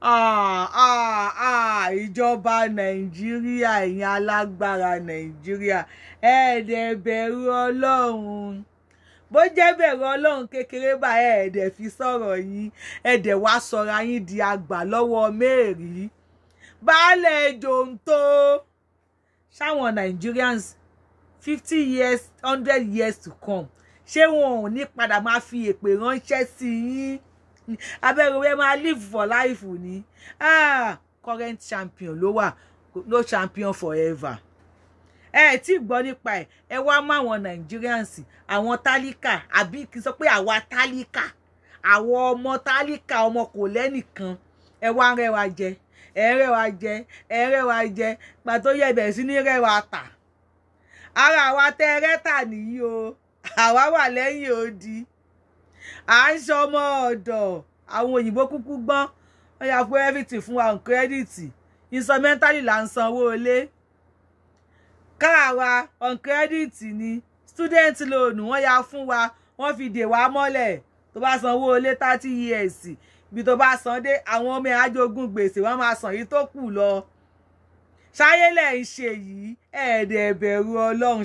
Ah, ah, ah, ìjọba nàìjíríà ẹ̀yin alágbára nàìjíríà ẹ̀ẹ́dẹ̀ bẹ̀rù ọlọ́run bó jẹ́ bẹ̀rù ọlọ́run kékeré bá ẹ̀ẹ́dẹ̀ fi sọ̀rọ̀ yín ẹ̀ẹ́dẹ̀ wá sọ̀rọ̀ yín di àgbà lọ́wọ́ mẹ́rì baálẹ̀ jòǹtó ṣáwọn nigerians fifty years hundred years to come ṣé wọn ò ní padà máa fi èpè ránṣẹ́ sí yín abẹ́rẹ́ wẹ́ẹ́ máa live for life ni ah current champion ló wà no champion forever ẹ ẹ tí gbọ́ nípa ẹ̀ ẹ wá mọ àwọn Nigerians àwọn tálíkà àbí kí n sọ pé àwa tálíkà àwọn ọmọ tálíkà ọmọ kò lẹ́nìkan ẹ wá ń rẹwà jẹ ẹ rẹwà jẹ ẹ rẹwà jẹ pàtó yẹ bẹ̀rẹ̀ sí ní rẹwà tà ara àwa tẹ́ rẹ́tà nìyí o àwa wà lẹ́yìn odi à ń ṣe ọmọ ọ̀dọ̀ àwọn òyìnbó kúkú gbọ́n wọ́n yà fún everything fún wa on credit instrumentally là ń sanwó ilé káà wa on credit ni student loan wọ́n yà fún wa wọ́n fi dè wá mọ́lẹ̀ tó bá sanwó ilé thirty years ibi tó bá san dé àwọn ọmọ àjogún gbèsè wọ́n máa san yìí tó kù lọ ṣáyélẹ̀ ń ṣe yìí ẹ̀ẹ́dẹ̀ bẹ̀rù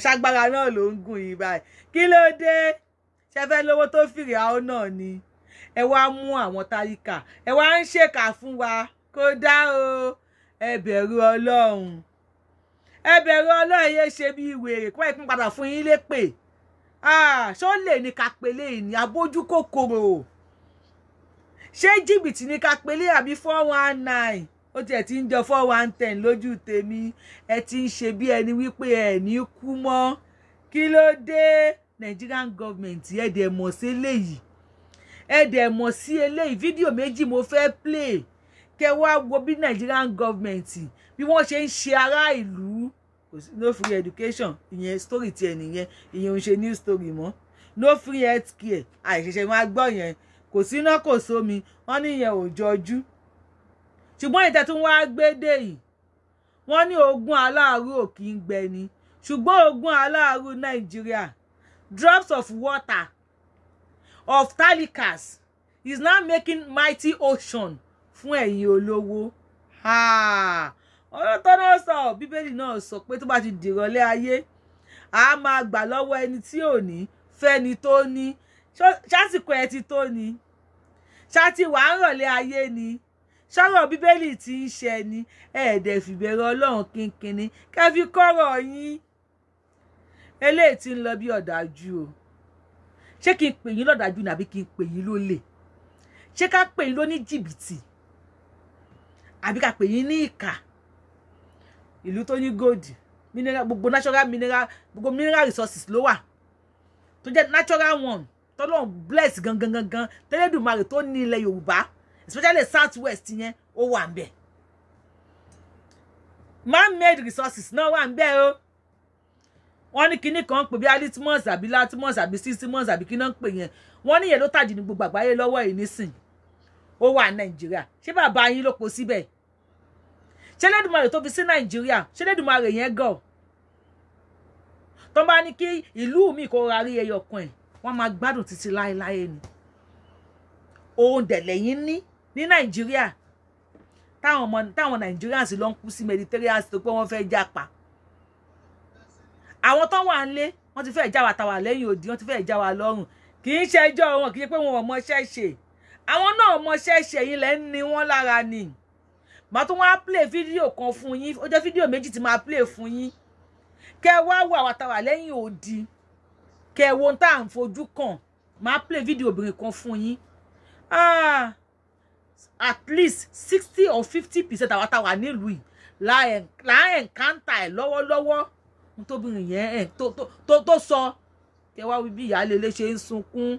ṣágbára náà ló ń gùn yìí báyìí kí ló dé ṣe fẹ́ lówó tó fìrì àwọn náà ni ẹ wá mú àwọn tálákà ẹ wá ń ṣèkà fún wa kódà o ẹ bẹ̀rù ọlọ́run ẹ bẹ̀rù ọlọ́run yéé ṣe bí wèrè kó ìpín padà fún yín lépè ah, ṣó lè ní ká pélé ní abójú kòkòrò ṣé jìbìtì ní ká pélé àbí four one nine ó tiẹ̀ ti ń jọ four one ten lójú tèmi ẹ ti ń ṣe bí ẹni wípé ẹ ní kú mọ́ kí ló dé Nigerian government ẹ dẹ̀ mọ̀ sí eléyìí ẹ dẹ̀ mọ̀ sí eléyìí fídíò méjì mo fẹ́ play kẹ wá wo bí Nigerian government bí wọ́n ṣe ń ṣe ará ìlú no free education ìyẹn story tiẹ̀ nìyẹn ìyẹn ò ṣe new story mọ́ no free healthcare àìṣẹ̀ṣẹ̀ máa gbọ́ yẹn kò síná kò sómi wọ́n níyẹn ò jọjú ṣùgbọ́n ìtẹ́ tún wá gbé dé yìí wọ́n ní ogún aláàárù ò kì í gbẹni ṣùgbọ́n ogún aláàárù Nàìjíríà drops of water of talikas, is now making mighty ocean fún ẹ̀yin olówó ọ̀rọ̀ tó náà sọ bíbélì náà sọ pé tó bá ti dìrọ̀lẹ́ ayé a máa gbà lọ́wọ́ ẹni tí ò ní fẹ́ni tó ní ṣásìkò ẹ ti tó ni ṣáti wàá rọ̀lẹ́ ayé ni ṣọ́rọ̀ bíbélì ti ń ṣe ni ẹ̀ẹ́dẹ̀ fìbẹ̀rẹ̀ ọlọ́run kínkínní kẹ́ kọ́rọ̀ yín eléyìí ti ń lọ bí ọ̀dájú o ṣé kí n pè yín lọ́dájú ni àbí kí n pè yín lólè ṣé ká pè yín lóní jìbìtì àbí ká pè yín ní ìkà ìlú tó ní gold mineral gbogbo natural mineral gbogbo mineral resources ló wà tó jẹ́ natural one tọ́lọ́run bless gangan gangan tẹ́lẹ̀dùmarè tó ní ilẹ̀ yorùbá especially south west yẹn ó wà ń bẹ̀ man made resources náà wà ń bẹ̀ o wọ́n ní kinní kan pè bí alitmus àbí latimus àbí sisimus àbí kinní ń pè yẹn wọ́n ní yẹn ló tàdí ní gbogbo àgbáyé lọ́wọ́ yìí nísìn ó wà nàìjíríà ṣé bàbá yín ló kó síbẹ̀ ṣé lẹ́dùnmarè tó fi sí nàìjíríà ṣé lẹ́dùnmarè yẹn gọ̀ tó bá ní kí ìlú mi kó ra ẹyọ kan ẹ̀ wọ́n máa gbádùn títí láéláé ni ohun dẹ̀lẹ̀ yín ní ní nàìjíríà táwọn ọmọ táwọn nàìjíríà sì lọ ń kú sí mediterranean tó pé wọ́n fẹ́ jápa àwọn tó wà nílé wọ́n ti fẹ́ẹ̀ já wa ta wà lẹ́yìn òdì wọ́n ti fẹ́ẹ̀ já wa lọ́rùn kì í ṣe ẹjọ́ wọn kì í ṣe pé wọn ò mọṣẹ́ ṣe àwọn náà mọṣẹ́ ṣe yín lẹ́ ń ni wọ́n lára ni màá tún wá play fídíò kan fún yín ó jẹ́ fídíò méjì tí màá play fún yín kẹ́ wá wo àwa ta wà lẹ́yìn òdì kẹ́ wo tá à ń fojú kàn màá play fídíò obìnrin kan fún yín ah at least sixty or fifty percent àwa ta wà nílùú yìí là ń kàńtà ẹ̀ lọ́wọ́lọ́wọ́ tóbìnrin yẹn ẹ tó tó sọ kẹ wá bí ìyáálé ilé ṣe ń sunkún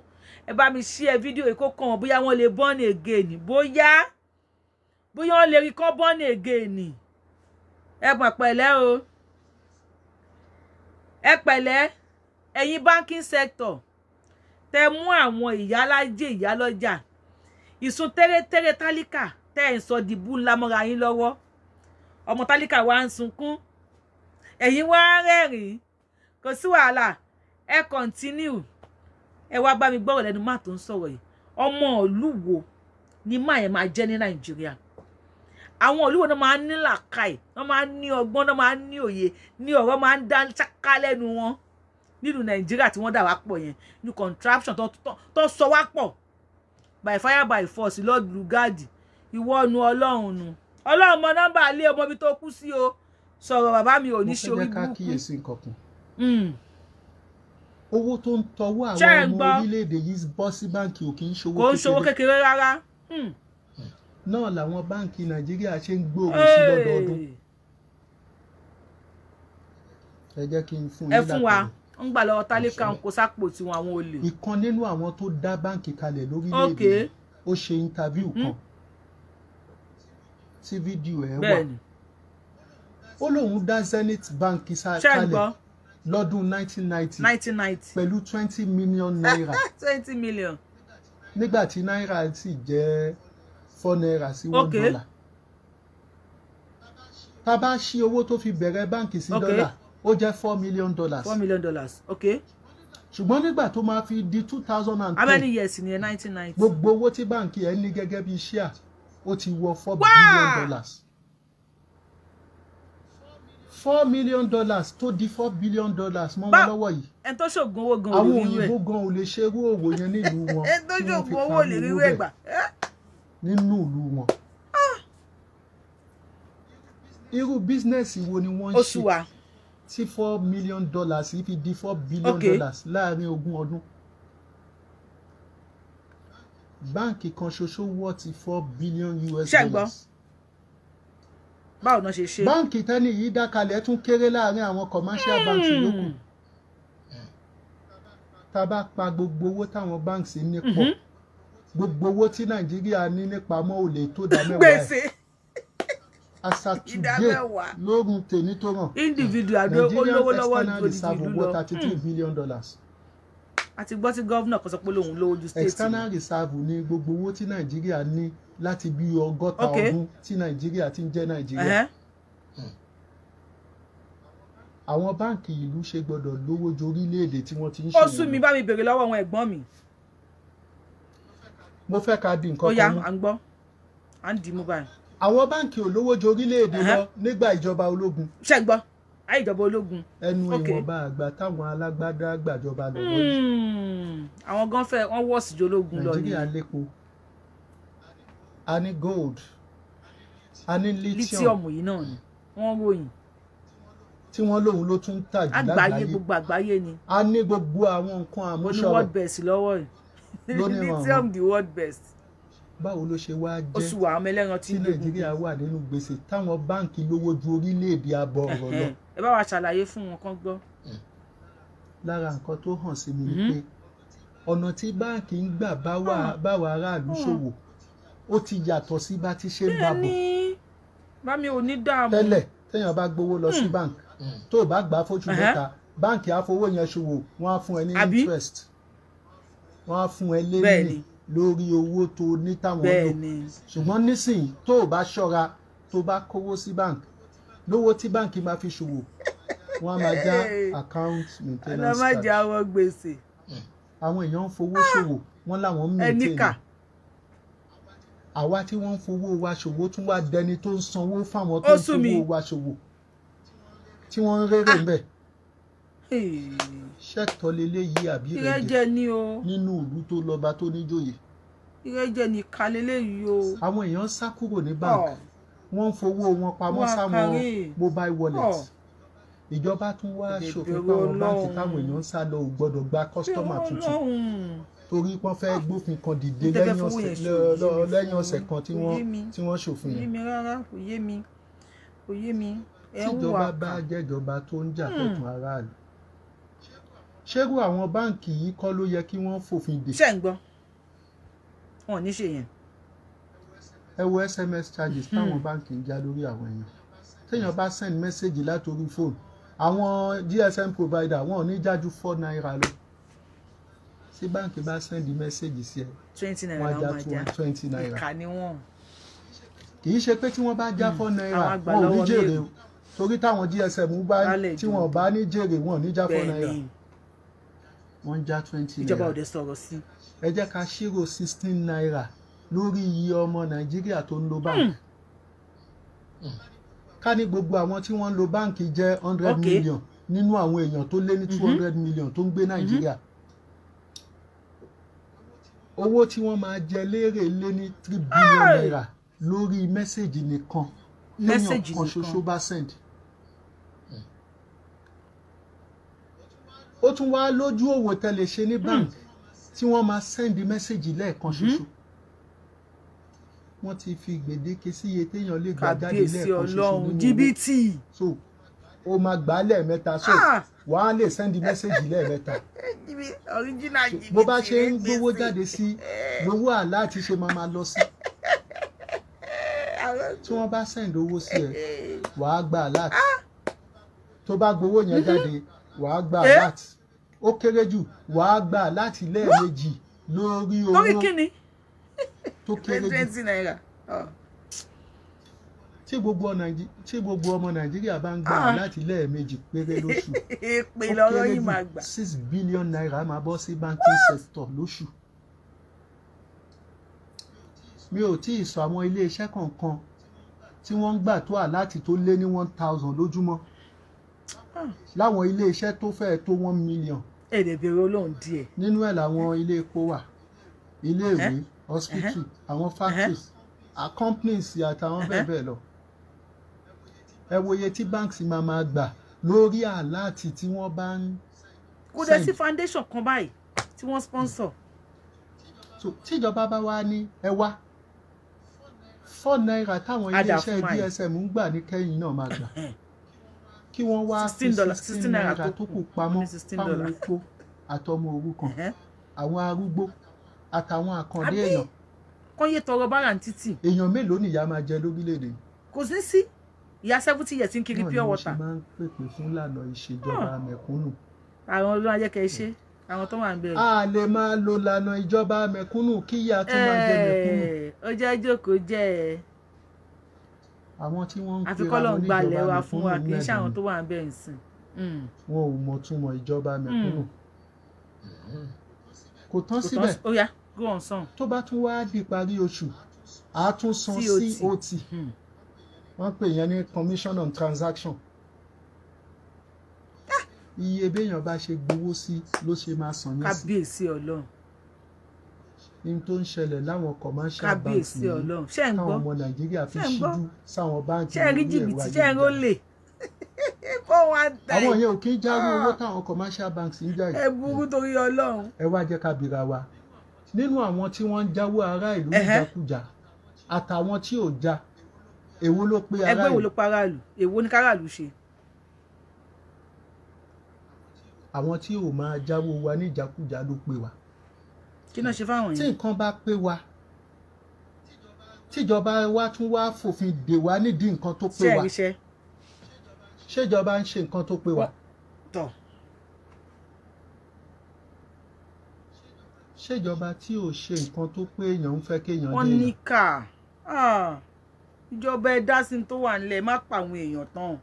ẹ bá mi ṣí ẹ fídíò yìí kó kàn wọn bóyá wọn lè bọ́ọ̀nì ègè nì bóyá bóyá wọn lè rí kán bọ́ọ̀nì ègè nì ẹ pọ̀ pẹ̀lẹ́ o ẹ pẹ̀lẹ́ ẹ̀yin banking sector tẹ mú àwọn ìyálájẹ ìyálọ́jà ìsun tẹ́rẹ́tẹ́rẹ́ tálíkà tẹ́ ẹ̀ ń sọ dìbò ńlá mọ́ra yín lọ́wọ́ ọmọ tálíkà wa ń sunkún ẹ̀yin wá rẹ́rìn-ín kò sí wàhálà ẹ kọ́ntínú ẹ wá bá mi gbọ́rọ̀ lẹ́nu má tó ń sọ̀rọ̀ yìí ọmọ ìlú ni má yẹn máa jẹ́ ní nàìjíríà àwọn ìlú wo náà máa ń ní làkàì náà máa ń ní ọgbọ́n náà máa ń ní òye ní ọ̀rọ̀ máa ń dá ṣáká lẹ́nu wọn nílùú nàìjíríà tí wọ́n dà wá pọ̀ yẹn ní contraption tó sọ wá pọ̀ by fire by force Lord lùgáàdì ìwọ́nu ọlọ́run nu ọlọ́run mọ nọ́mbà ilé ọmọ ibi tó kú sí o sọ̀rọ̀ bàbá mi ò ní ṣe orí burúkú. mo fẹ́ ká kíyèsí nǹkan kan. Hmm. owó tó ń tọwọ́ àwọn ọmọ orílẹ̀-èdè yìí bọ́ sí báǹkì ò kì í ṣòwò kékeré. kò ń ṣòwò kékeré rárá. Hmm. náà làwọn báǹkì nàìjíríà ṣe ń gbòòrò sí lọ́dọọdún. ẹ jẹ́ kí n fún yín lápẹ̀rẹ̀. ẹ fún wa ń gbà lọ́wọ́ tálíkà ń kó sápò tiwọn àwọn olè. ìkan nínú àwọn tó dá báǹkì kalẹ̀ lórílẹ̀-èdè ó ṣe intaviu hmm. kan tí fídíò ẹ wà. bẹ́ẹ̀ni ó lóun dá Zenith Bank kalẹ̀ lọ́dún 1990 pẹ̀lú 20 million naira 20 million nígbà tí náírà sì jẹ́ four naira sí one dollar tá a bá ṣí owó tó fi bẹ̀rẹ̀ báǹkì sí dọ́là ó jẹ́ four million dollars four million dollars okay ṣùgbọ́n nígbà tó máa fi di two thousand and how many years ni 1990. nineteen ninety gbogbo owó tí báǹkì ẹ ní gẹ́gẹ́ bí ṣíà ó ti wọ four billion dollars four million dollars tó di four billion dollars mọ́ wọn lọ́wọ́ yìí. ẹ tó ṣoògùn owó gan olè wíwẹ̀. àwọn òyìnbó gan ò lè ṣe irú òwò yẹn nílùú wọn. ẹ tó ṣoògùn owó olè wíwẹ̀ gbà. nínú ìlú wọn. Ah! irú bísínẹ́sì wo ni wọ́n ń ṣe. oṣù tí four million dollars yìí fi di four billion dollars láàrin ogún ọdún báǹkì kan ṣoṣo wọ́ ti four billion US dollars báwo náà ṣe ṣe. báǹkì tẹ́ni yìí dákalẹ̀ tún kéré láàrin àwọn commercial hmm. banks lókù tá a bá pa gbogbo owó táwọn banks ní pọ̀ mm-hmm. gbogbo owó tí nàìjíríà ní nípamọ́ ò lè tó dá mẹ́wàá ẹ̀ asatugbe lórun tèmi tó ràn individual olówó lọ́wọ́ individual Nigeria external reserve owó thirty three billion hmm. dollars àti gbọ́ tí gọ́vnà kan sọ pé lòun lówó ju state. external reserve ni gbogbo owó tí nàìjíríà ní láti bí ọgọ́ta ọdún tí nàìjíríà ti ń jẹ́ nàìjíríà. Hmm. àwọn báǹkì ìlú ṣe gbọ́dọ̀ lówó ju orílẹ̀-èdè tí wọ́n ti ń ṣe. ó sún mi bá mi bèrè lọ́wọ́ àwọn ẹ̀gbọ́n mi. mo fẹ́ ka bí nǹkan kan mú. ó yá à ń gbọ́ à ń dì í mú báyìí. àwọn báǹkì olówó ju orílẹ̀-èdè lọ nígbà ìjọba ológun. ṣẹ́gbọ́n àìjọba ológun. ẹnu ìwọ̀nba àgbà táwọn alágbádá gbàjọba lọ́wọ́ yìí. Hmm. àwọn gan fẹ́ wọ́n wọ̀ sí jológun lọ ni. nàìjíríà lépo a ní gold a ní lithium. lithium yìí náà ni wọ́n ròyìn tí wọ́n lóun ló tún tà jù lágbàáyé àgbáyé gbogbo àgbáyé ni. a ní gbogbo àwọn nǹkan àmúṣọrọ̀. mo ní world best lọ́wọ́ yìí lithium the world best. báwo ló ṣe wáá jẹ́ oṣù àwọn ẹlẹ́ran tí nàìjíríà wà nínú gbèsè táwọn báǹkì lówó ju orílẹ̀-èdè abọ̀ ọ̀rọ̀ lọ. ẹ bá wa ṣàlàyé fún wọn kán gbọ́. Hmm. lára nǹkan tó hàn sí mi ni hmm. pé ọ̀nà tí báǹkì ń gbà báwa hmm. aráàlú ṣòwò ó ti yàtọ̀ sí bá ti ṣe ń bá bọ̀. bámi ò ní dààmú. tẹ́lẹ̀ téèyàn bá gbowó lọ sí báǹkì tó o bá gbà á fóṣù mẹ́ta báǹkì àfowó yẹn ṣòwò wọ́n á fún ẹ ní interest wọ́n á fún ẹ lérè lórí owó tó ní táwọn lò ṣùgbọ́n nísìnyí tó o bá ṣọ́ra tó o bá kówó sí báǹkì lówó tí báǹkì máa fi ṣòwò wọn á máa já account maintenance charge. ọ̀nà má jẹ́ àwọn gbèsè. Hmm. àwọn èèyàn ń fowó ah! ṣòwò wọ́n láwọn ń maintain. ẹnìkà àwa tí wọ́n ń fowó wa ṣòwò tún wá dẹni tó ń sanwó fáwọn tó ń fowó wa ṣòwò tí wọ́n ń rérè mbẹ̀. ṣẹ́tọ́ leléyìí àbí rẹ̀ jẹ́ nínú ìlú tó lọ́ba tó níjòyè. ìrẹ́jẹ nìkan leléyìí o. àwọn èèyàn sá kúrò ní báǹkì. Oh wọ́n ń fowó wọn pamọ́ sáwọn mobile wallet ìjọba tún wá ṣòfin páwọn báńkì táwọn èèyàn ń sá lọ ò gbọ́dọ̀ gba kọ́sítọ́mà tuntun torí wọ́n fẹ́ ah. gbófin kan dìde lẹ́yìn ọ̀sẹ̀ kan tí wọ́n ṣòfin yẹn. tíjọba bá jẹ́jọba tó ń jà hmm. fẹ̀tún aráàlú ṣérú àwọn báǹkì yìí kọ́ ló yẹ kí wọ́n fòfin dè. ṣé ń gbọ́ wọn ò ní ṣe yẹn ẹ wo sms charges hmm. táwọn báńkì ń já lórí àwọn èèyàn téèyàn bá send message látòrí fóònù àwọn gsm provider wọn ò ní jájú four naira lọ tí báńkì bá send message sí ẹ wọn á já twenty naira kì í ṣe pé tí wọ́n bá já hmm. four naira wọn ò ní jèrè o torí táwọn gsm bá tí wọn bá ní jèrè wọn ò ní já four naira wọn já twenty naira ìjọba òde sọ̀rọ̀ sí. ẹ jẹ́ ká ṣírò sixteen naira lórí iye ọmọ nàìjíríà tó ń lo báńkì hmm. hmm. ká ní gbogbo àwọn tí wọ́n ń lo báńkì jẹ́ hundred okay. million nínú àwọn èèyàn tó lé ní mm-hmm. two hundred million tó ń gbé mm-hmm. nàìjíríà owó tí wọ́n máa jẹ léèrè lé ní three billion naira lórí mẹ́sẹ̀gì nìkan téèyàn kan ṣoṣo bá send. Hmm. ó tún wá lójú òwò tẹ́lẹ̀ ṣe ní bank tí wọ́n máa send mẹ́sẹ̀gì lẹ́ẹ̀kan mm-hmm. ṣoṣo wọ́n ti fi gbèdéke sí iye téèyàn lè gbà jáde lẹ́ẹ̀kan ṣoṣo nínú jìbìtì so o máa gbà á lẹ́ẹ̀mẹ́ta so ah! wà á lè sẹ́ndí mẹ́sẹ̀gì lẹ́ẹ̀mẹ́ta bó bá ṣe ń gbowó jáde sí lówó eh. àlá àti ṣe máa máa lọ sí tí wọ́n bá sẹ́ndí owó sí ẹ eh. wà á gba alert ah! tó bá gbowó yẹn mm-hmm. jáde wà á gba alert eh? ó kéré jù wà á gba alert lẹ́ẹ̀mejì lórí owó. lórí kíni tó kéré jù twenty naira. tí gbogbo ọmọ nàìjíríà bá ń gbà ah. láti lẹ́ẹ̀mejì péré lóṣù ó kéré jù six billion naira máa bọ́ sí banking sector lóṣù mi ò tí ì sọ àwọn iléeṣẹ́ kọ̀ọ̀kan tí wọ́n ń gbà tó àláàtì tó lé ní one thousand lójúmọ́ ah. láwọn iléeṣẹ́ tó fẹ́ẹ́ tó one million. èdè bèrè olóhùn díẹ̀. nínú ẹ̀ làwọn ilé epo wà ilé ìwé hospital uh-huh. àwọn uh-huh. factories companies àtàwọn bẹ́ẹ̀ uh-huh. bẹ́ẹ̀ lọ ẹ wòye tí banks máa máa gbà lórí àláàtì tí wọ́n bá ń. kò dẹ̀ sí foundation kan báyìí tí wọ́n sponsor. so tíjọba bá wá ní ẹ wá four naira táwọn iléeṣẹ́ DSM ń gbà ní kẹ́yìn náà máa gbà kí wọ́n wá sixteen naira tó kù pamọ́ fáwọn opó àtọmọ òrukàn àwọn arúgbó àtàwọn àkàndé èèyàn. àbí kọ́yé tọrọ bára ń títì. èèyàn mélòó nìyá máa jẹ lórílẹ̀‐èdè. kò sí sí ìyá seventy years ń kiri pure water. náà ni mo ṣe máa ń pèpè fún ìlànà ìṣèjọba hmm. mẹ̀kúnnù. àwọn olóyún ayé kẹ́ ẹ ṣe àwọn tó wà ń bẹ̀rẹ̀. a lè máa lo lànà ìjọba mẹ̀kúnnù kí ìyá tó máa jẹ mẹ̀kúnnù. ó jẹ́ jókòó jẹ́ ẹ̀. àwọn tí wọ́n ń pe àwọn oníjọba mẹ̀kúnnù mẹ́rin wọn ò mọ̀ túmọ̀ ìjọba mẹ̀kúnnù hmm. kò tán síbẹ̀ go on san. tó bá tún wáá di ìparí oṣù a tún san COT hmm. wọ́n pè yẹn ní commission on transaction ah! iye béèyàn bá ṣe gbowó sí ló ṣe máa san ní sí. kábíyèsí ọlọ́run. ní tó ń ṣẹlẹ̀ láwọn commercial banks yìí táwọn ọmọ nàìjíríà fi ṣíjú sáwọn báńkì ìlú ẹ̀rọ ayélujára. ṣé ẹ rí jìbìtì kó wá dá yìí. àwọn yẹn ò kí ń jáwé ah! owó táwọn commercial banks ń jà yìí. ẹ burú torí ọlọ́run. ẹ wá jẹ́ ká bira wa nínú àwọn tí wọ́n ń jáwọ́ ará ìlú ìjàkújà àtàwọn tí ò já èwo ló pe ará ìlú. ẹgbẹ́ wo ló pa ará ìlú èwo ni káràlú ṣe. àwọn tí ò máa jáwọ́ wa ní ìjàkújà ló pe wa. kí náà ṣe fáwọn yẹn. tí nǹkan bá pé wa tíjọba wa tún wá fòfin dè wá nídìí nǹkan tó pé wa ṣèjọba ń ṣe nǹkan tó pé wa. tọ́ ṣèjọba tí ò ṣe nǹkan tó pé èèyàn ń fẹ́ kéèyàn dé. wọ́n ní kà ìjọba ẹ dá sí tó wà nílẹ̀ má pa àwọn èèyàn tán.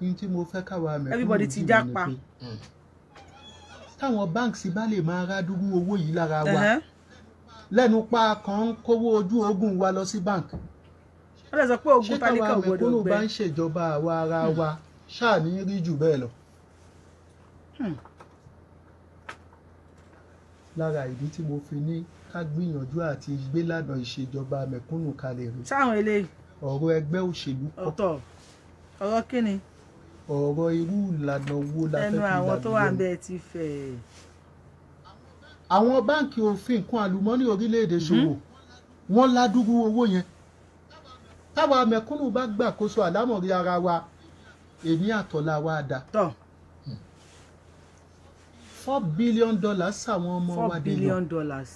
ní tí mo fẹ́ káwa mẹ́kúnnù everybody ti já pa. táwọn banks bá lè máa rádúrú owó yìí lára wa lẹ́nu pa kan ń kówó ojú ogun wa lọ sí bank. wọ́n lè sọ pé ogun tálíkà ò gbọdọ̀ gbẹ. ṣé káwa mẹ́kúnnù bá ń ṣèjọba àwa ara wa ṣáà ní rí jù bẹ́ẹ̀ lọ. Hmm lára ìdí tí mo fi ní ká gbìyànjú àti gbélànà ìṣèjọba mẹ̀kúnnù kalẹ̀ rè. sáwọn eléyìí. ọ̀rọ̀ ẹgbẹ́ òṣèlú kọ́. ọ̀tọ̀ ọ̀rọ̀ kí ni. ọ̀rọ̀ irú ìlànà wo la fẹ́ fi ìlànà. ẹnu àwọn tó wà ń bẹ ti fẹ̀. àwọn báǹkì òfin nǹkan àlùmọ́nì orílẹ̀-èdè mhm. ṣòwò wọ́n ládùúgbò owó yẹn táwa mẹ̀kúnnù bá gbàkóso àlámọ̀rí ara wa èmi àtọ̀là wa dà. tọ́ four billion dollars sàwọn ọmọ wa dènà four billion dollars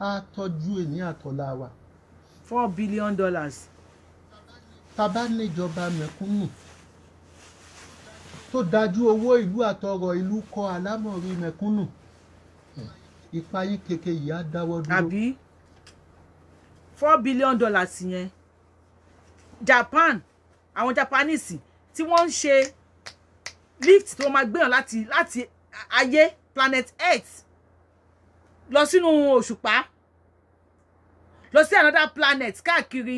a tọ́jú èní àtọ̀là wa. four billion dollars. ta bá níjọba mẹ̀kúnnù tó dájú owó ìlú àtọrọ̀ ìlú kọ alámọ̀rí mẹ̀kúnnù ìpayín keke yìí á dáwọ́ dúró. àbí four billion dollars yẹn Japan àwọn Japanese tí wọ́n ń ṣe lift tó máa gbéyàn láti láti ayé planet earth lọ sínú òṣùpá lọ sí another planet káàkiri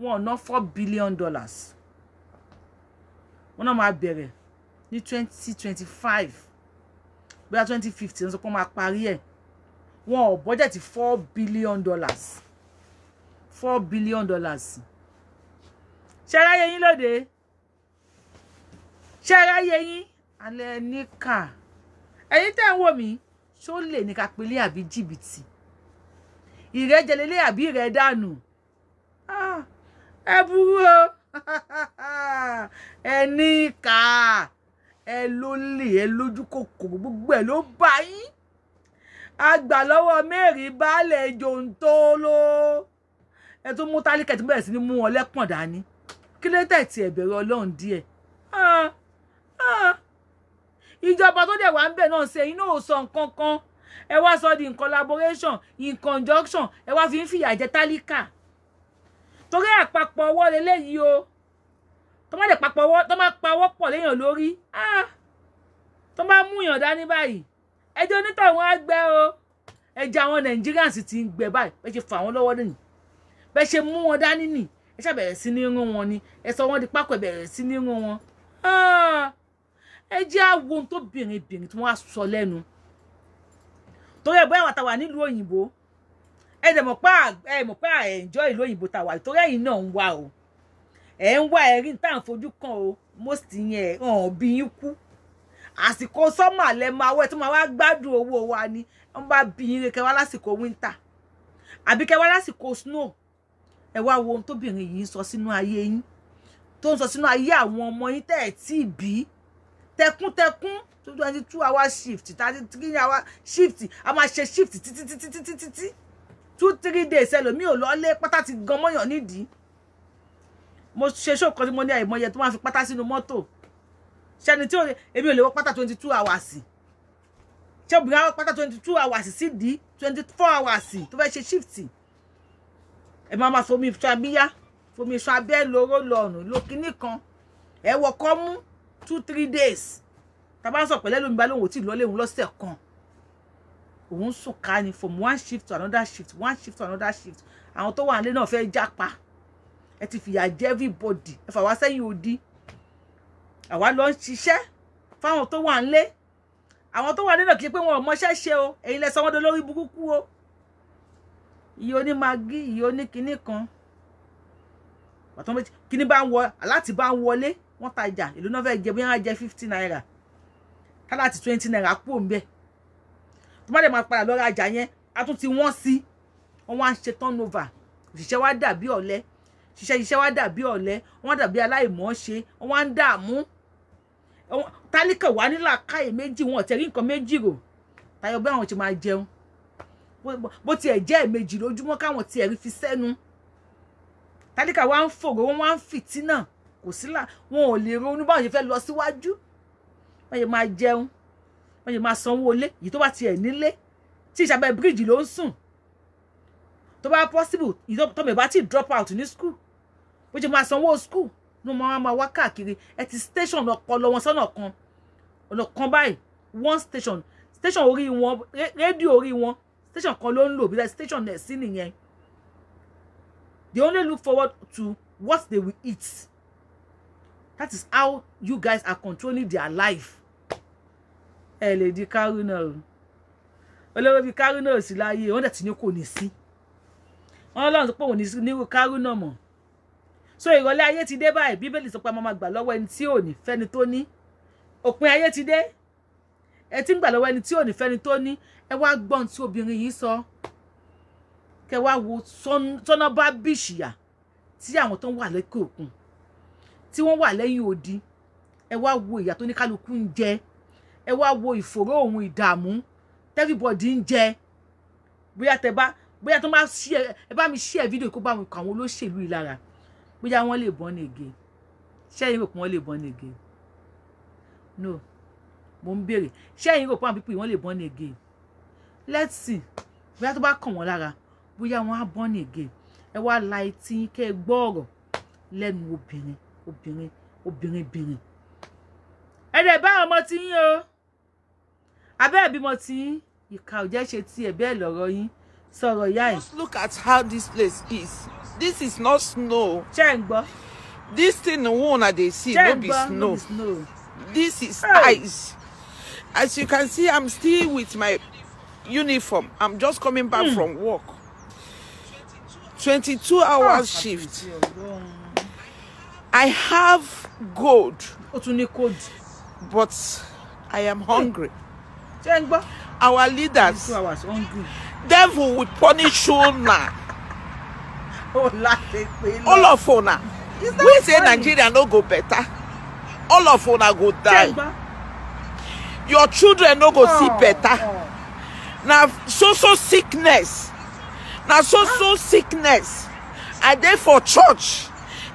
wọn ò ná four billion dollars wọn náà máa bẹ̀rẹ̀ ní twenty twenty five bóyá twenty fifty wọn sọ pé wọn máa parí ẹ̀ wọn ò bọ́jẹ̀tì four billion dollars four billion dollars ṣẹ́ráyé yín lóde ṣẹ́ráyé yín alẹ́ níkà ẹ̀yin tẹ́ ń wò mí ṣó lè ní ká pelé àbí jìbìtì ìrẹ́jẹlélé àbí ìrẹ́ dànù ah, ẹ burú o ẹ ní ìka ẹ ló lè ẹ lójú kòkòrò gbogbo ẹ ló bá yín àgbà lọ́wọ́ mẹ́rin baálẹ̀ jòǹtó ló ẹ tún mú tálíkẹ̀ tó bẹ̀rẹ̀ sí ni mú wọn lẹ́pọ̀n dání kí ló tẹ̀ tí ẹ bẹ̀rẹ̀ ọlọ́run díẹ̀. Ah, ah ìjọba tó dẹ̀ wá ń bẹ̀ náà ṣe iná ò sọ nǹkan kan ẹ wá sọ di in collaboration in conjunction ẹ wá fi ń fìyà jẹ tálíkà torí àpapọ̀ ọwọ́ lélẹ́yìí o tó má dẹ̀ papọ̀ ọwọ́ tó má pawọ́ pọ̀ léèyàn lórí ah! tó má mú yàn dání báyìí ẹjọ́ onítọ̀hún á gbẹ o ẹjọ́ àwọn Nigerians ti ń gbẹ báyìí bẹ́ẹ̀ ṣe fà wọ́n lọ́wọ́ nìyí bẹ́ẹ̀ ṣe mú wọn dání nìyí ẹ ṣàbẹ̀rẹ̀ sí ní rún wọn ni ẹ sọ wọn di pákó ẹ bẹ̀rẹ̀ sí ní rún wọn. Ah! ẹ jẹ́ àwọn ohun tó bìnrin bìnrin tí wọ́n á sọ lẹ́nu torí ẹ̀ bóyá wàtà wà nílùú òyìnbó ẹ dẹ̀ mọ̀ pé ẹ mọ̀ pé ẹ ń jọ ìlú òyìnbó tà wà torí ẹ̀yin náà ń wá o ẹ ń wá ẹ̀rí tá à ń fojú kan o most yẹn hàn bí yín kú àsìkò sọ́mà lẹ máa wẹ̀ tó máa wá gbádùn owó wa ni wọ́n bá bí yín kẹ wá lásìkò wíńtà àbí kẹ wá lásìkò snow ẹ wá wo ohun tóbìnrin yìí ń sọ sínú ayé yín tó ń sọ sínú ayé àwọn ọmọ yín tẹ̀ ẹ̀ tí ì bí tẹkúntẹkún twenty two hour shift thirty three hour shift a máa ṣe shift títí títí títí títí two three days ẹlòmíì ò lọ́lé pátá ti gan mọ́yàn nídìí mo ṣe ṣòkan tí mo ní àìmọye tó máa fi pátá sínú mọ́tò ṣẹni tí èmi ò lè wọ pátá twenty two hours ṣé obìnrin àwọn pátá twenty two hours sí di twenty four hours tó fẹ́ ṣe shift ẹ máa máa fomi iṣan abíyá fomi iṣan abẹ́ lóró lọ́rùn lókínì kan ẹ wọ̀ kọ́ mú two three days tàbá ń sọ pẹ̀lẹ́ lómi bá lóun ò tí ì lọ́lé òun lọ́sẹ̀ kan òun sùn ká ni from one shift to another shift one shift to another shift àwọn tó wà nílé náà fẹ́ jápa ẹ ti fìyà jẹ everybody ẹ fà wá sẹ́yìn odi àwa lọ ń ṣiṣẹ́ fáwọn tó wà nílé àwọn tó wà nílé kì í pé wọn ò mọṣẹ́ ṣe o èyí lẹ sọ wọn dolórí burúkú o iye oní magi iye oní kinní kan pàtó méjì kinní bá ń wọ aláti bá ń wọlé wọ́n tajà ìlú náà fẹ́ jẹ bóyá wọ́n jẹ fifty naira tálàtì twenty naira kúrò ń bẹ̀ tó má dẹ̀ máa padà lọ́ra àjà yẹn a tún ti wọ́n sí wọ́n wá ń ṣe turnover òṣìṣẹ́ wa dàbí ọ̀lẹ ṣiṣẹ́ ṣiṣẹ́ wa dàbí ọ̀lẹ wọ́n dàbí aláìmọ̀ọ́ṣe wọ́n wá ń dààmú tálíkà wà nílà káyè méjì wọn ọ̀tẹ̀rí nǹkan méjì rò tayọ bí àwọn ti máa jẹun bó tiẹ̀ jẹ́ ẹ̀mejì lójúmọ́ káwọn tiẹ̀ rí fi sẹ́nu tálíkà wá ń fòrò wọ́n wá ń fìtínà kò sílà wọn ò lè ronú báwọn ṣe fẹ́ lọ síwájú wọ́n ṣe máa jẹun wọ́n ṣe máa sanwó ilé èyí tó bá tiẹ̀ nílé tí ìṣàbẹ̀ bíríìjì ló ń sùn tó bá possible tọ́mọ̀ ìbá tí drop out ní school bó ṣe máa sanwó school ní wọ́n máa wá káàkiri ẹ ti station ọpọlọ wọn sọ́nà kan ọ̀nà kan báyìí one station station orí wọn rédíò orí wọn station kan ló ń lò bíi station nẹ̀ sí nìyẹn they only look forward to what they will eat that is how you guys are controlling their life eh, Lady di kárú náà o olówó bíi kárú náà sì láyé wọn dẹ̀ ti ní kò ní sí wọn lọ́run tó pọ̀ wọ́n ní nírú kárú náà mọ̀ so ìrọ̀lẹ́ ayé ti dé báyìí bíbélì sọ pé a máa gbà lọ́wọ́ ẹni tí ò ní fẹ́ni tó ní òpin ayé ti dé ẹ ti ń gbà lọ́wọ́ ẹni tí ò ní fẹ́ni tó ní ẹ wá gbọ́n tí obìnrin yìí sọ kẹ wá wo tọ́nà bá bíṣìyà tí àwọn tó ń wà lẹ́kọ̀ọ́ tí wọ́n wà lẹ́yìn odi ẹ wá wo ìyà tó ní kálukú ń jẹ ẹ wá wo ìfòró òun ìdààmú tẹ́rìbọ̀dì ń jẹ bóyá tẹ bá bóyá tó máa ṣí ẹ ẹ bá mi ṣí ẹ fídíò kó bá wọn kọ àwọn olóṣèlú yìí lára bóyá wọ́n lè bọ́ nìge ṣẹ́yìn rò pé wọ́n lè bọ́ nìge no mo ń béèrè ṣẹ́yìn rò pé àwọn pípé wọ́n lè bọ́ nìge let's see bóyá tó bá kàn wọ́n lára bóyá wọ́n á bọ́ nìge ẹ wá la etí kẹ́ ẹ gbọ́ ọ̀rọ̀ lẹ́nu obìnrin obìnrin obìnrin bìnrin ẹ dẹ̀ bá ọmọ tí yín o abẹ́ ìbímọ tí ìka ò jẹ́ ṣe tiẹ̀ bẹ́ẹ̀ lọ́rọ̀ yín sọ̀rọ̀ ìyá ẹ̀. just look at how this place is this is not snow. ṣé ń gbọ́. this thing wey una dey see no be snow. this is hey. ice as you can see i'm still with my uniform i'm just coming back mm. from work Twenty-two hours ah, shift. I have gold. O tún ní gold. But I am hungry. Ṣé ń gbọ́? Our leaders. Two hours hungry. Devil will punish you now. All of una. We funny? say Nigeria no go better. All of una go die. Your children no go oh, see better. Oh. Na so so sickness. Na so so sickness. I dey for church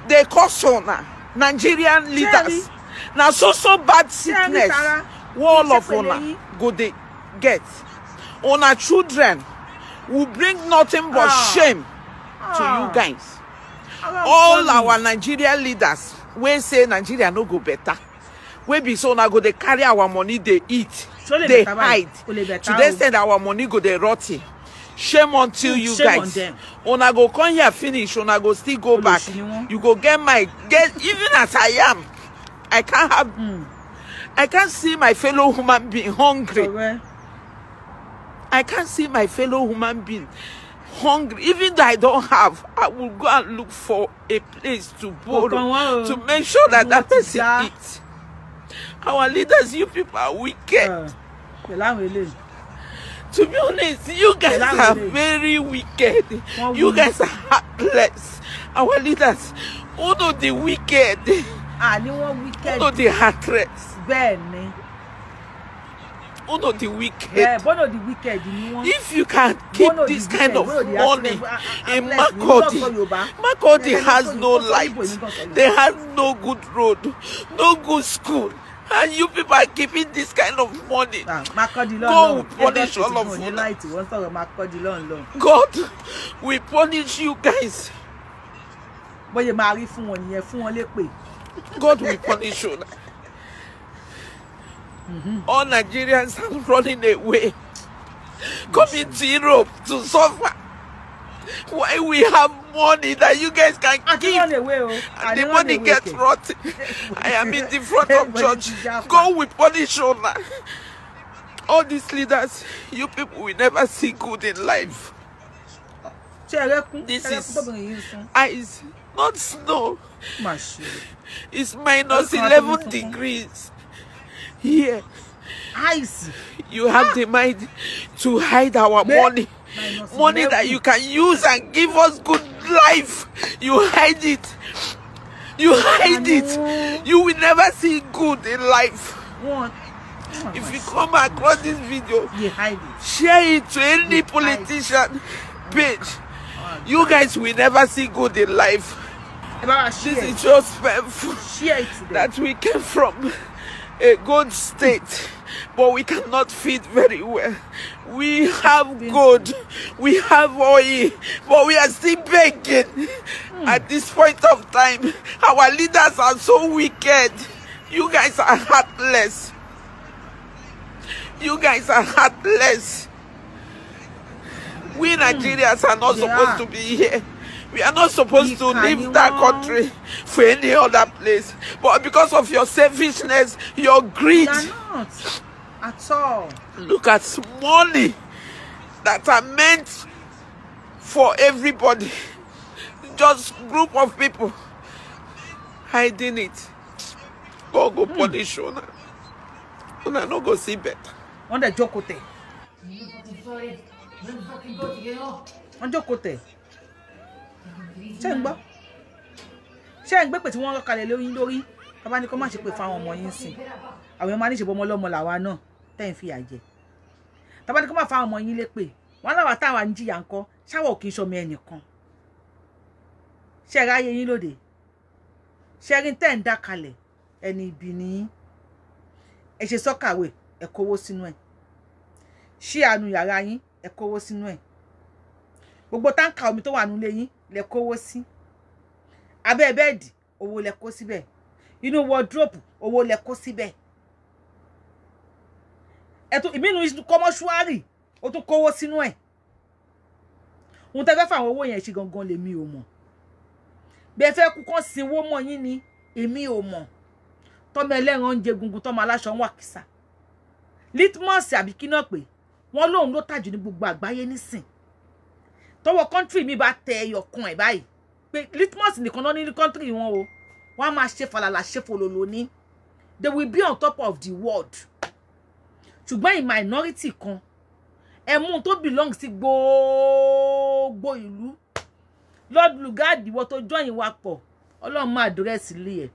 dey cause una nigerian leaders na so so bad sickness wey all of una go dey get una children will bring nothing but ah. shame to you ah. guys all our nigerian leaders wey say nigeria no go better wey be so una go dey carry our money dey eat dey hide to the extent our money go dey rot ten shame until mm, you shame guys una go come here finish una go still go back you go get my get even as i am i can't have mm. i can't see my fellow human being hungry i can't see my fellow human being hungry even though i don't have i will go and look for a place to borrow to make sure that that person eats our leaders you people are wicked uh, to be honest you guys are very wicked you guys are heartless our leaders all of the wicked all ah, of the heartless bẹ́ẹ̀ni all of the wicked yeah, one of the wicked if you can keep one this kind wicked, of money in Makurdi Makurdi has no light they have no good road no good school and you people are giving this kind of money. Ah, God will punish all of you. God will punish you guys. bóyá máa rí fún wọn nìyẹn fún wọn lépè. God will punish you. All Nigerians are running away, mm-hmm. coming to Europe to suffer why we have money that you guys can I ah, give oh. and ah, the money gets rotten i am in the front of church go with body shoulder all these leaders you people will never see good in life this is ice not snow it's minus 11 degrees here ice you have the mind to hide our money money that you can use and give us good life. You hide it. You hide it. You will never see good in life. If you come across this video, share it to any politician page. You guys will never see good in life. This is just that we came from a good state, but we cannot feed very well. We have good, we have oil, but we are still begging. Hmm. At this point of time, our leaders are so wicked. You guys are heartless. You guys are heartless. We hmm. Nigerians are not supposed to be here. We are not supposed to leave that country for any other place. But because of your selfishness, your greed, at all. Look at money that are meant for everybody. Just group of people hiding it. Go go hmm. punish mm. una. Una no go see better. On the jokote. On jokote. tẹ̀. Ṣé ń gbọ́? Ṣé ń gbé pè tí wọ́n rọ́ kalẹ̀ lórí lórí? Bàbá ní kó má ṣe pè fún àwọn ọmọ yín sìn. Àwọn ọmọ aníṣègbè ọmọ tẹ́yìn fi àjẹ́ tàbá ní kó má fa ọmọ yín lépè wọn náà wà táwọn ń jìyà ńkọ́ ṣáwọ̀ kì í ṣọmọ ẹnìkan ṣe ráyé yín lóde ṣe tẹ́ ń dá kalẹ̀ ẹni ibi ní ẹ ṣe sọ́kàwé ẹ ẹ kówó sínú gbogbo táǹkà omi tó wà lẹ kówó sí abẹ́ bẹ́ẹ̀dì owó lẹ kó síbẹ̀ inú owó ẹ̀tún ìmínú iṣu kọ́ mọ́ṣúárì ó tún kówó sínú ẹ̀ òun tẹ́ fẹ́ fàwọn owó yẹn ṣe gangan lèmi ò mọ̀ bẹ́ẹ̀ fẹ́ kú kán sinwó mọ́ yín ni èmi ò mọ̀ tọ́mọ ẹlẹ́ran ń jẹ gungun tọ́mọ aláṣọ ń wà kìsà litmus àbí kíná pé wọ́n lóun ló tàjù ní gbogbo àgbáyé nísìn tọwọ́ kọ́ńtírì mi bá tẹ ẹyọ kan ẹ̀ báyìí pé litmus nìkan náà ní ní kọ́ńtírì wọn o wọ́n á máa ṣe falala ṣe fololo ní they will be on top of the world ṣùgbọ́n ì minority kan ẹ̀mú tó belong sí gbogbo ìlú Lord Lugard ìwọ tó join wa pọ̀ ọlọ́run máa dírẹ́sì lé ẹ̀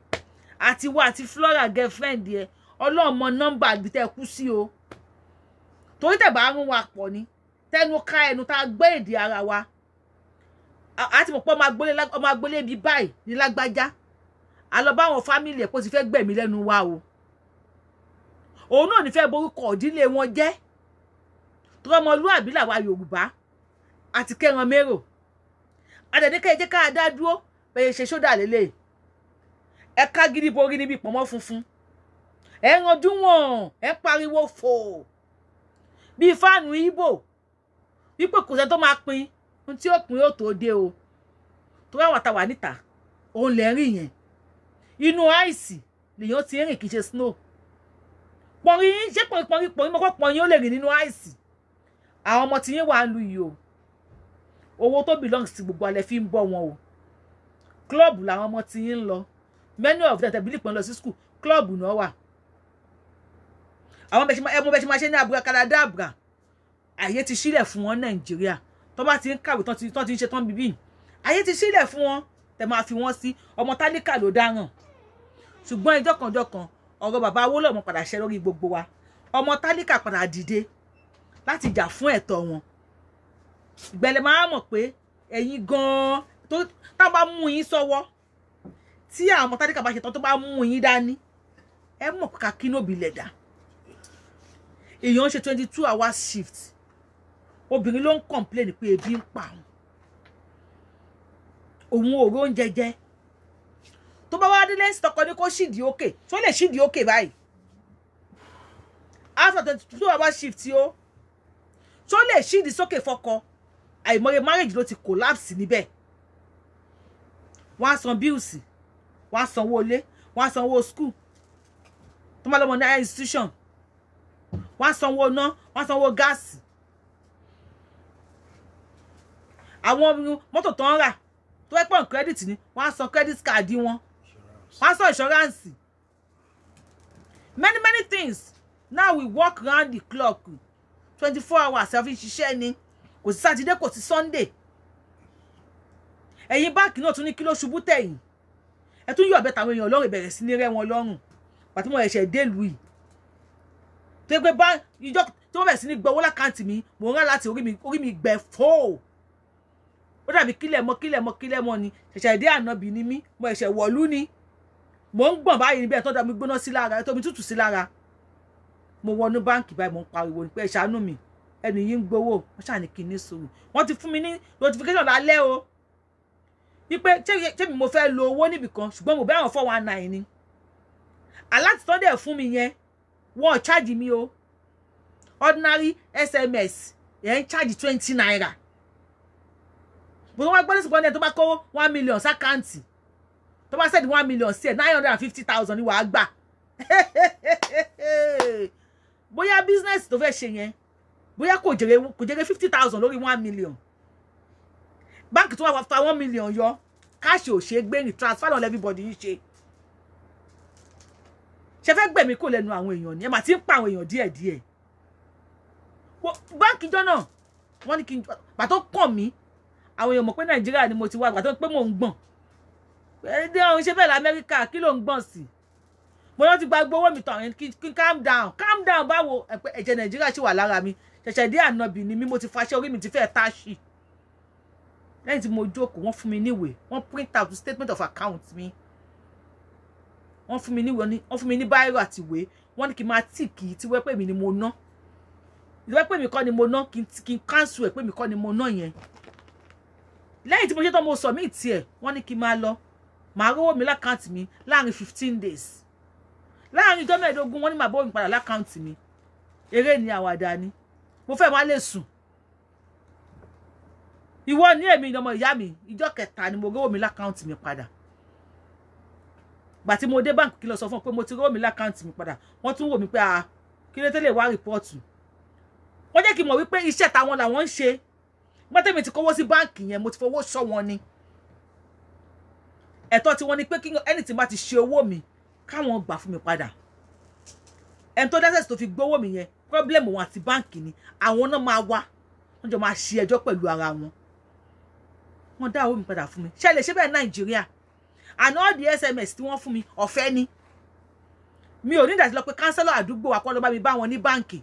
àti wa àti Flora girlfriend ẹ̀ ọlọ́run mọ nọ́mbà àgbìtẹ́ kú sí o torí tẹ̀ bá ń wa pọ̀ ni tẹnu ká ẹnu tá a gbé èdè ara wa àti mọ̀ pé ọmọ agboolé bíi báyìí ní lágbájá àlọ́ báwọn fámìlì ẹ̀ kó ti fẹ́ gbẹ̀mí lẹ́nu wa o òun náà nífẹ̀ẹ́ borúkọ ìdílé wọn jẹ́ tọmọlúàbí làwa yorùbá àti kẹran mérò àdẹ̀dẹ́kẹ́ jẹ́ ká dá dúró bẹ́ẹ̀ ṣe sódà lélẹ̀ ẹ̀ka gidi borí níbi pọ̀mọ́ funfun ẹ̀ ń ranjú wọn ẹ̀ ń pariwo fò bíi fáànù ibo wípé kò sẹ́ni tó máa pín ohun tí ó pín yóò tó dé o tó bá wàtà wà níta òun lè rìn yẹn inú àìsí lèyàn ti rìn kì í ṣe snow pọ̀nrín yín ṣé pọ̀nrín pọ̀nrín pọ̀nrín mọ́kọ́ pọ̀nrín ó lè rìn nínú àìsí àwọn ọmọ tiyín wà á lu yìí o owó tó belongs ti gbogbo alẹ́ fi ń bọ́ wọn o club làwọn ọmọ tiyín ń lọ many of them tẹ̀bílì pọ̀ ń lọ sí school club náà wà àwọn ẹmọ bẹ́ẹ̀ ṣe máa ṣe ní àbúrò kàdádá àbúrà àyè ti sílẹ̀ fún wọn nàìjíríà tó bá ti ń kàwé tán ti ń ṣe tán bíbí àyè ti sílẹ̀ fún wọn tẹ̀ máa fi wọ́n sí ọmọ tálíkà ló dáràn ṣùgbọ́n ìjọkànjọkàn ọ̀rọ̀ bàbá Awólọ́wọ̀ padà ṣe lórí gbogbo wa ọmọ tálíkà padà dìde láti jà fún ẹ̀tọ́ wọn ìgbẹ̀lẹ̀ máa mọ̀ pé ẹ̀yin gan-an tó tá bá mú yín sọ́wọ́ tí àwọn ọmọ tálíkà bá ṣe tán tó bá mú yín dání ẹ mọ̀ pé kakínóbi lẹ̀ dá èèyàn ṣe twenty two hour shift obìnrin ló ń complain pé ebi ń pa òun òun ò tó bá wá délé ń tọkọ ní kó ṣìdí òkè tó lè ṣìdí òkè báyìí after twenty two hour shift o tó lè ṣìdí sókè fọkọ àìmọye marriage ló ti collapse níbẹ̀ wọ́n á san bills wọ́n á sanwó ilé wọ́n á sanwó school tó máa lọ́mọ ní higher institution wọ́n á sanwó ná wọ́n á sanwó gáàsì àwọn mọ́tò tó ń rà tó wẹ́pọ̀ credit ni wọ́n á san credit card wọn pastor insurance many many things now we work round the clock twenty four hours àfi ṣiṣẹ́ ni kò sí sátidé kò sí sunday ẹ̀yin báńkì náà tún ní kí ló ṣubú tẹ̀yìn ẹ tún yọ̀ bẹ́ẹ̀ tàwọn èèyàn lọ́rùn ìbẹ̀rẹ̀ sí ní rẹ́ wọn lọ́rùn pàtó mo ẹ̀ṣẹ̀ délùú yìí tó gbé bá ìjọ tó bẹ̀rẹ̀ sí ní gbọ́ owó lákàntì mi mò ń rán láti orí mi orí mi gbẹ fóò ó dàbí kílẹ̀ mọ́ kílẹ̀ mọ́ kílẹ̀ mọ́ ni ṣẹ̀ṣẹ̀ dé ànábì ni mí mo ẹ̀ṣẹ̀ wọ̀lú ni mo ń gbọ̀n báyìí níbẹ̀ tó da mi gbóná sí lára tó mi tútù sí lára mo wọnú báǹkì báyìí mo ń pariwo ní pé ẹ mi ẹni yìí ń gbowó wọ́n ṣàní kí n ní sùúrù wọ́n ti fún mi ní notification lálẹ́ o wípé tẹ́mi mo fẹ́ lo owó níbìkan ṣùgbọ́n mo bẹ́ràn four one nine ni alátìtọ́ dẹ̀ fún mi yẹn wọ́n ṣáàjì mi o ordinary sms yẹn ń ṣáàjì twenty naira bùrọ̀ wọn gbọ́dọ̀ sí pọ́ńdẹ̀ tó bá kó one million sákàǹtì tó bá sẹ́ẹ̀dì one million say ẹ̀ nine hundred and fifty thousand ni wàá gbà bóyá business tó fẹ́ ṣe yẹn bóyá kò jèrè kò jèrè fifty thousand lórí one million Bank tó wà fà one million yọ Cash ò ṣe é gbé transfer on everybody yìí ṣe ṣe fẹ́ gbẹ̀mí kò lẹ́nu àwọn èèyàn ni ẹ̀ mà ti ń pa àwọn èèyàn díẹ̀díẹ̀ báńkì jọ́nà wọ́n ní kí n bàtó kàn mí àwọn èèyàn mọ̀ pé nàìjíríà ni mo ti wá bàtó pé mò ń gbọ̀n ẹdí ọ̀hún ṣe bẹ́ẹ̀ lamẹ́ríkà kí ló ń gbọ̀n sí mo lọ́ ti gba gbowó mi tàn kí n calm down calm down báwo ẹ̀jẹ̀ nàìjíríà ṣì wà lára mi ṣẹ̀ṣẹ̀ dé ànábì ni mi mo ti faṣẹ́ orí mi ti fẹ́ẹ́ táṣì lẹ́yìn tí mo jókòó wọ́n fún mi níwèé wọ́n print out statement of account mi wọ́n fún mi níwèé wọ́n fún mi ní báírò àti ìwé wọ́n ní kí n máa tì kì í tí wẹ́ pè mí ni mo ná ìwẹ́ pè mí kọ́ ni mo ná kí n cancel ẹ̀ pè mí kọ́ ni mo ná yẹn lẹ́yìn tí mo ṣe tán mo submit ẹ̀ wọ́n ní kí n máa lọ màá rówó mi lákàǹtì mi láàrin fifteen days láàrin ìjọ mẹ́ẹ̀ẹ́dógún wọ́n ní màá bọ́ mi padà lákàǹtì mi eré ni àwàdà ni mo fẹ́ máa lè sùn ìwọ ní èmi ọmọ ìyá mi ìjọ kẹta ni mo rówó mi lákàǹtì mi padà gbà tí mo dé báǹkì kí lọ sọ fún pé mo ti rówó mi lákàǹtì mi padà wọ́n tún wò mí pé a ah, kí ló tẹ́lẹ̀ wá rìpọ́ọ̀tù wọ́n jẹ́ kí n mọ̀ wípé iṣẹ́ táwọn làwọn ń ṣe gbọ́tẹ́mi ti kówó sí báǹkì yẹn mo ti fowó ṣọ́ wọn ni ẹ̀tọ́ tí wọ́n ní pé ẹni tí bá ti ṣe owó mi káwọn gbà fún mi padà ẹni tó dẹ́sẹ̀ tó fi gbówó mi yẹn pọ́blẹ́mù wọn àti báǹkì ni àwọn náà máa wá wọ́n jọ máa ṣe ẹjọ́ pẹ̀lú ara wọn wọ́n dá owó mi padà fún mi ṣe lè ṣe bẹ́ẹ̀ nàìjíríà and all the sms tí wọ́n fún mi ọ̀fẹ́ ni mi ò ní ìdájọ́ pé kánsẹ́lọ̀ àdúgbò wa bá mi bá wọn ní báǹkì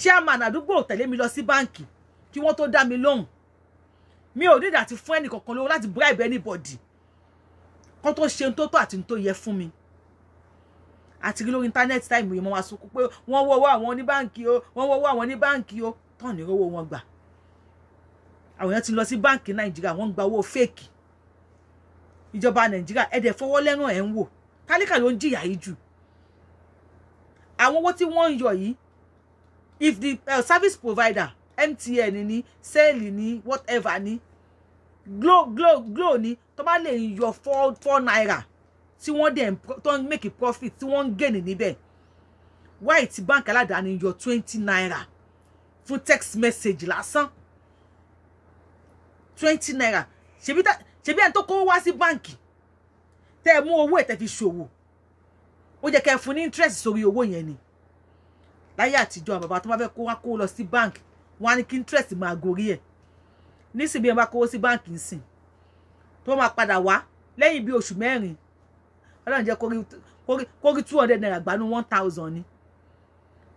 chairman àdúgbò tẹ̀lé mi lọ sí báǹkì kí wọ́n tó dá mi lóhùn mi ò ní ìdá ti fún ẹnì kankan lówó láti bribe anybody kó tó ṣe tó tó àti tó yẹ fún mi àti rí lórí íńtánẹ́ẹ̀tì táì mòye mọ́ wa sunkún pé wọ́n wọ́wọ́ àwọn oníbáǹkì o wọ́n wọ́wọ́ àwọn oníbáǹkì o tán ní owó wọn gbà àwọn èèyàn ti lọ sí báǹkì nàìjíríà wọ́n ń gba owó fèèkì ìjọba nàìjíríà ẹ̀dẹ̀ fọwọ́ lẹ́ràn ẹ̀ ń wò tálíkà ló ń jìyà yìí jù àwọn owó tí wọ́n ń yọ yìí if the uh, service provider mtn ni sẹ́ẹ̀lì ni whatever ni glo glo glo ni tó bá lè yọ four four naira tí wọ́n dẹ̀ tó ń make profit tí wọ́n ń gain níbẹ̀ white bank aládàáni yọ twenty naira fún text message lásán twenty naira ṣebí tá ṣebí ẹni tó kó wá sí báǹkì tẹ́ ẹ mú owó ẹ̀ tẹ́ fi ṣòwò ó jẹ́ kẹ́ ẹ fún ní interest sórí owó yẹn ni láyé àtijọ́ àwọn bàbá tó bá fẹ́ kó wá kó lọ sí báǹkì wọ́n á ní kí interest máa gorí ẹ̀ nísìnyí bí wọn bá kówó sí báǹkì nsìn tó máa padà wá lẹ́yìn bí oṣù mẹ́rin ọlọ́run jẹ́ kórí two hundred naira gbanú one thousand ni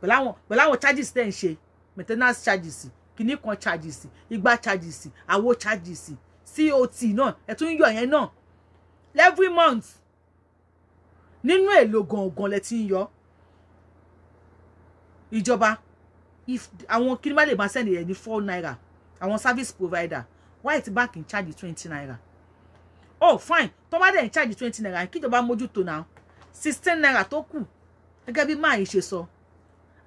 pẹ̀lú àwọn charges tẹ̀ ń ṣe maintenance charges kìíní kan charges igba charges àwo charges cot náà ẹ̀ tún yọ yẹn náà every month nínú èlò gangan lẹ ti ń yọ ìjọba àwọn kí ni lè máa sẹ́ni ẹ̀ ní four naira àwọn service provider why ti bank in charge twenty naira oh fine tó bá dẹ̀ ń charge twenty naira kíjọba mójútó náà sixteen naira tó kù gẹ́gẹ́ bí máa ń ṣe sọ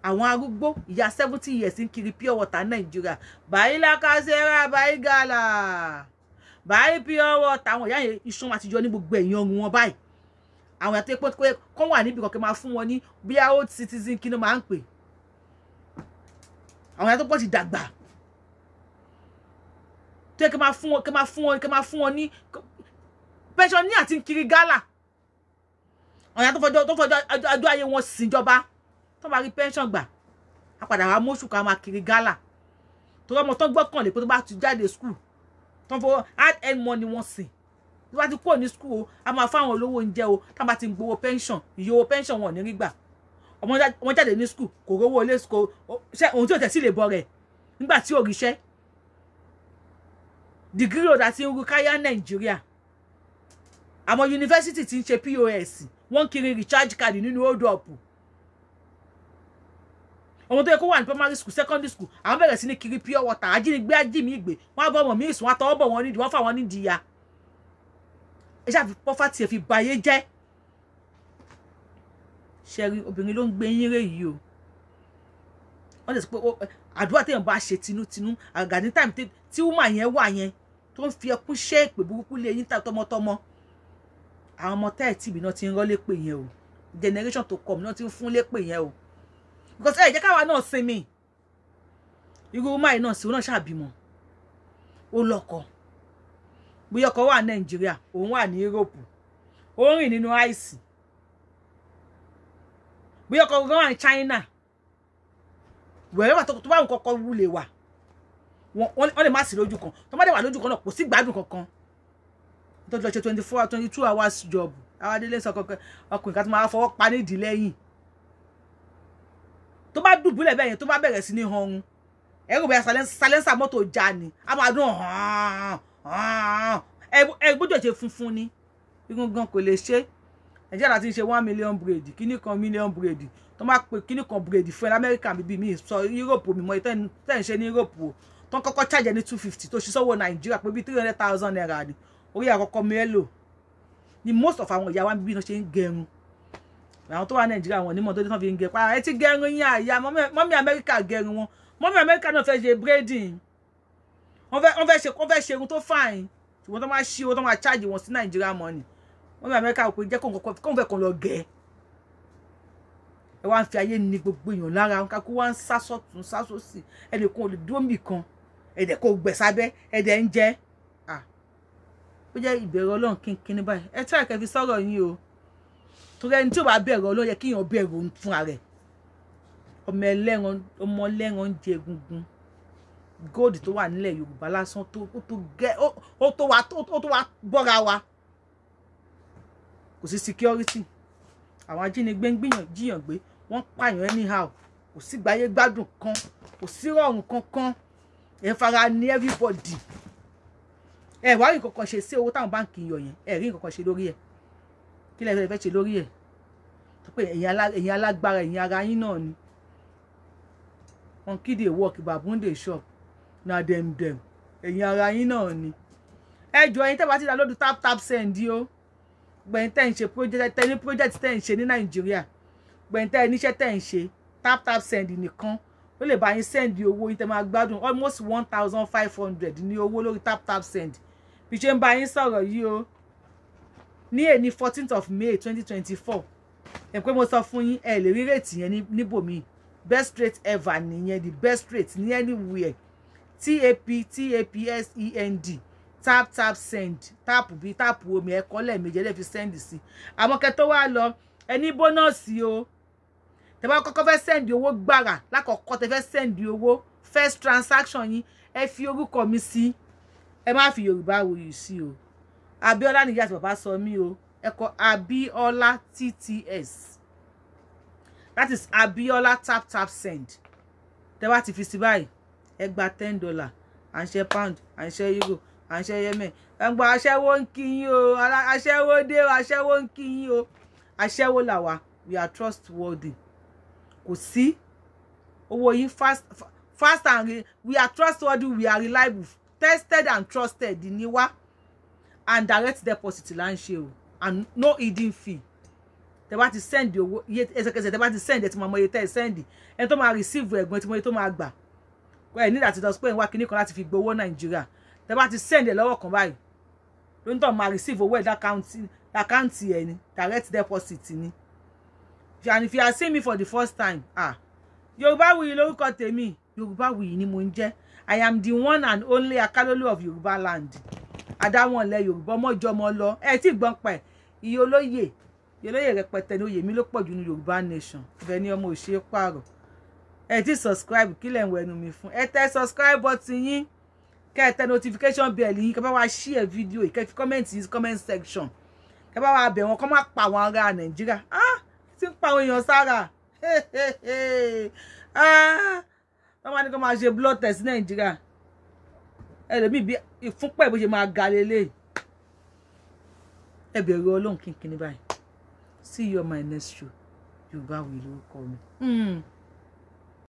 àwọn arúgbó ìyá seventy years ń kiri pure water nàìjíríà báyìí lákàṣẹ́ra báyìí gala. báyìí pure water àwọn ìyá yẹn iṣan àti yọ ní gbogbo ẹ̀yìn ọrùn wọn báyìí àwọn àti epo kọ́ wà níbi kọ̀ọ̀kan máa fún wọn ní bí old citizen kí ló máa ń pè àwọn ìyá tó pọ̀ ti dàgbà tó yẹ kí máa fún wọn kí máa fún wọn kí máa fún wọn ní pẹ́sọ ní àti kiri gálà ọ̀yà tó fọjọ́ tó fọjọ́ ajọ́ ayé wọn síjọba tó bá rí pẹ́ńsọ̀n gbà á padà wá mọ́ṣù ká máa kiri gálà tó ọmọ tó ń gbọ́kàn lè pé tó bá ti jáde skul tó ń fọwọ́ hard earned money wọn sìn tó bá ti kúrò ní skul o a máa fáwọn olówó oúnjẹ o tá a bá ti ń gbowó pẹ́ńsọ̀n iye owó pẹ́ńsọ̀n wọn ò ní rí gbà ọmọ wọn jáde ní skul kò rówó ilé skul ṣe òun tí ò tẹ̀ sí lè bọ rẹ̀ nígbà tí ò ríṣẹ́ dìgírì ọ̀dà ti ń ru káyá nàìjíríà àwọn yunifásitì ti ń ṣe pos wọ́n kiri recharge card nínú hold up ọmọ tó yẹ kó wà ní primary school secondary school àwọn bẹ̀rẹ̀ sí ní kiri pure water ajínigbé ajínigbé ìgbé wọn á bọ̀ ọmọ míì sùn wọn àtọwọ́ bọ̀ wọn nídìí wọn fà wọn nídìí ya ẹ ṣáà fi pọ́fàtì ẹ̀ fi bayé jẹ́ ṣẹ́rí obìnrin ló ń gbé yín rè yìí o wọ́n lè sọ pé àdúrà téèyàn bá ṣe tinútinú àgàdí táìmù tí wúmà yẹn wà yẹn tó ń fi ẹkún ṣe èpè burúkú lé yín ta tọmọtọmọ àwọn ọmọ táìtì mi náà ti ń rọ́ lépè yẹn o generation tó kọ̀ mi náà ti ń fún lépè yẹn o because ẹ jẹ́ káwa náà sinmi irú máì náà sí òun náà ṣàbímọ ó lọ́kọ bóyá ọkọ wà nàìjíríà òun wà ní europe ó rìn nínú àìsí bóyá ọkọ gan wà ní china wẹ̀rẹ̀ wà tó bá nǹkan kan wulè wà wọ́n lè má sí lójú kan tó má dé wà lójú kan náà kò sí gbádùn kankan tó lọ ṣe twenty four twenty two hours job awádélé sọ kankan ọkùnrin kan tó máa fọwọ́ pa ní ìdílé yìí tó bá dùbúlẹ̀ bẹ́ẹ̀ yẹn tó bá bẹ̀rẹ̀ sí ní hanrun ẹ̀rù bẹ́ẹ̀ salẹ́nsà mọ́tò já ni a máa dún ẹ gbọ́dọ̀ ṣe funfun ni egungun kò lè ṣe nàìjíríà láti ṣe one million braid kíní kan million braid tó máa pè kíní kan braid fún ẹ lamẹ́ríkà bíbí mi sọ yúròpù mi mọ ìtẹ́ ń ṣe ní yúròpù o wọ́n kọ́kọ́ charge ní two fifty tó ṣiṣọ́wọ́ nàìjíríà pé bíi three hundred thousand naira ni orí àkọ́kọ́ mẹ́lò ni most of àwọn ìyá wa bíbí náà ṣe ń gẹrun àwọn tó wà nàìjíríà wọn onímọ̀ tó dé tán fi ń gẹ pa ẹ ti gẹrun yín àyà mọ́mí amẹ́ríkà gẹrun wọn mọ́mí amẹ́ríkà náà fẹ́ ṣe braiding wọ́n fẹ́ ṣe wọ́n fẹ́ ṣe irun tó fine ṣùgbọ́n tó máa ṣí owó tó máa charge wọn sí nàìjíríà money mọ́mí amẹ́ríkà kò jẹ́ kóun fẹ́ kàn lọ gẹ̀ẹ́ ẹ wá ń fi ayé ni gbogbo èèyàn lára kákó wá ń sá sọ́tún sá sósì ẹnìkan ò lè dúró mì kan ẹ̀dẹ̀ kò gbẹ̀ sábẹ́ ẹ̀dẹ̀ ń jẹ́ ó jẹ́ ìbẹ̀rù ọlọ́run kínkínní báyìí ẹ tíra kẹfì sọ̀rọ̀ yín o torí ẹni tí ò bá bẹ̀rù ọlọ́run yẹ kíyàn bẹ̀rù fúnra rẹ̀ ọmọ ẹlẹ́ran ọmọ ẹlẹ́ran jẹ egungun gold tó wà nílẹ̀ yorùbá lásán ó tó gẹ́ ó tó wá bọ́ra wa kò sí security àwọn ajínigbé ń gbìyànjú yàn gbé wọ́n pààyàn anyhow kò sí gbáyé gbádùn kan kò sí rọrùn kankan ẹ̀ ń fara ní everybody ẹ̀ wá rí nǹkan ṣe sí owó táwọn báǹkì yọ yẹn ẹ̀ rí nǹkan ṣe lórí ẹ̀ kí lẹ́yìn fẹ́ ṣe lórí ẹ̀ tó pé ẹ̀yin alágbára ẹ̀yin ara yín náà ni monkey dey work baboon shop na dem dem ẹ̀yin ara yín náà ni ẹ jọ ẹ̀yin ti dá lódù tap tap send o gbẹ̀yìn tẹ́ ń ṣe project tẹ́ ní ṣe ní nàìjíríà gbẹ̀yìn tẹ́ níṣẹ́ tẹ́ ń ṣe tap tap send nìkan ó lè bá yín send owó yín tẹ́ máa gbádùn almost one thousand five hundred ní owó lórí tap tap send bí ṣe ń bá yín sọ̀rọ̀ yìí o ní èní fourteenth of may twenty twenty four ẹ̀ pé mo sọ fún yín ẹ lè rí rèètì yẹn níbòmíì best rate ever nìyẹn the best rate ní anywhere tap tapsend tap tap send tap bí tap omi ẹ̀kọ́ lẹ́ẹ̀mejì ẹ̀ lè fi send sí àwọn kẹtọ́ wá lọ ẹni bónọ́ọ̀sì o tẹ́ bá kọ́kọ́ send sẹ́ndì owó gbàrà lákọ̀ọ́kọ́ tẹ́ fẹ́ send owó first transaction yín ẹ fi orúkọ mi sí ẹ má fi yorùbá wòye sí o abiola nìyí àti bàbá sọ mí o ẹ kọ abiola tts that is abiola tap tap send tẹ́ bá ti fi sí báyìí ẹ gba ten dollar à share pound à share ṣe euro à share yemen ẹ ń gba aṣẹ́wó ń kí yín o aṣẹ́wó dé o aṣẹ́wó ń kí yín o aṣẹ́wó we are trustworthy kò sí owó yín fast fast and re we are trustworthy we are reliable tested and trusted ni wá and direct deposit là ń ṣe o and no hidden fee tẹ bá ti send owó iye ẹsẹ̀kẹsẹ̀ tẹ bá ti send ẹ ti mọ ọmọ iye tẹ ẹ send ẹni tó máa receive ẹ̀gbọ́n ti mọ iye tó máa gbà ẹ nígbà tí dọ́sípẹ́ ń wá kinní kan láti fi gbowó nàìjíríà tẹ bá ti send ẹ lọ́wọ́ kan báyìí ló ń tọ́ máa receive owó ẹ̀ dákáǹtì ẹ̀ ní direct deposit ni and if you are seeing me for the first time ah Yoruba Yorùbáwùyí lórúkọ tèmi Yorùbáwùyí ni mo ń jẹ́ I am the one and only Akalolu of Yoruba land adáwọ̀nlẹ̀ Yorùbá ọmọjọmọ lọ ẹ tí gbọ́n pa ẹ̀ iye olóyè iye olóyè rẹpẹtẹ ní oyè mi ló pọ̀ jù ní Yorùbá nation bẹ́ẹ̀ ni ọmọ òṣèré pààrọ̀ ẹ ti subscribe kílẹ̀ ń wẹnu mi fún ẹ tẹ subscribe button yín kẹ ẹ tẹ notification bell yín kẹ bá wa share video kẹ fi comment yín comment section kẹ bá wa bẹ̀ wọ́n kọ́ má pa àwọn ará Nàìjíríà ah tí ń pa àwọn èèyàn sára ah, wọ́n máa ní kó máa ṣe blood test nàìjíríà ẹlòmíì bí ìfúnpá ìbò ṣe máa ga lélẹ̀ ẹ bẹ̀rù ọlọ́run kínkín ní báyìí see you on my next show yorùbá wí lórúkọ mi. Mm.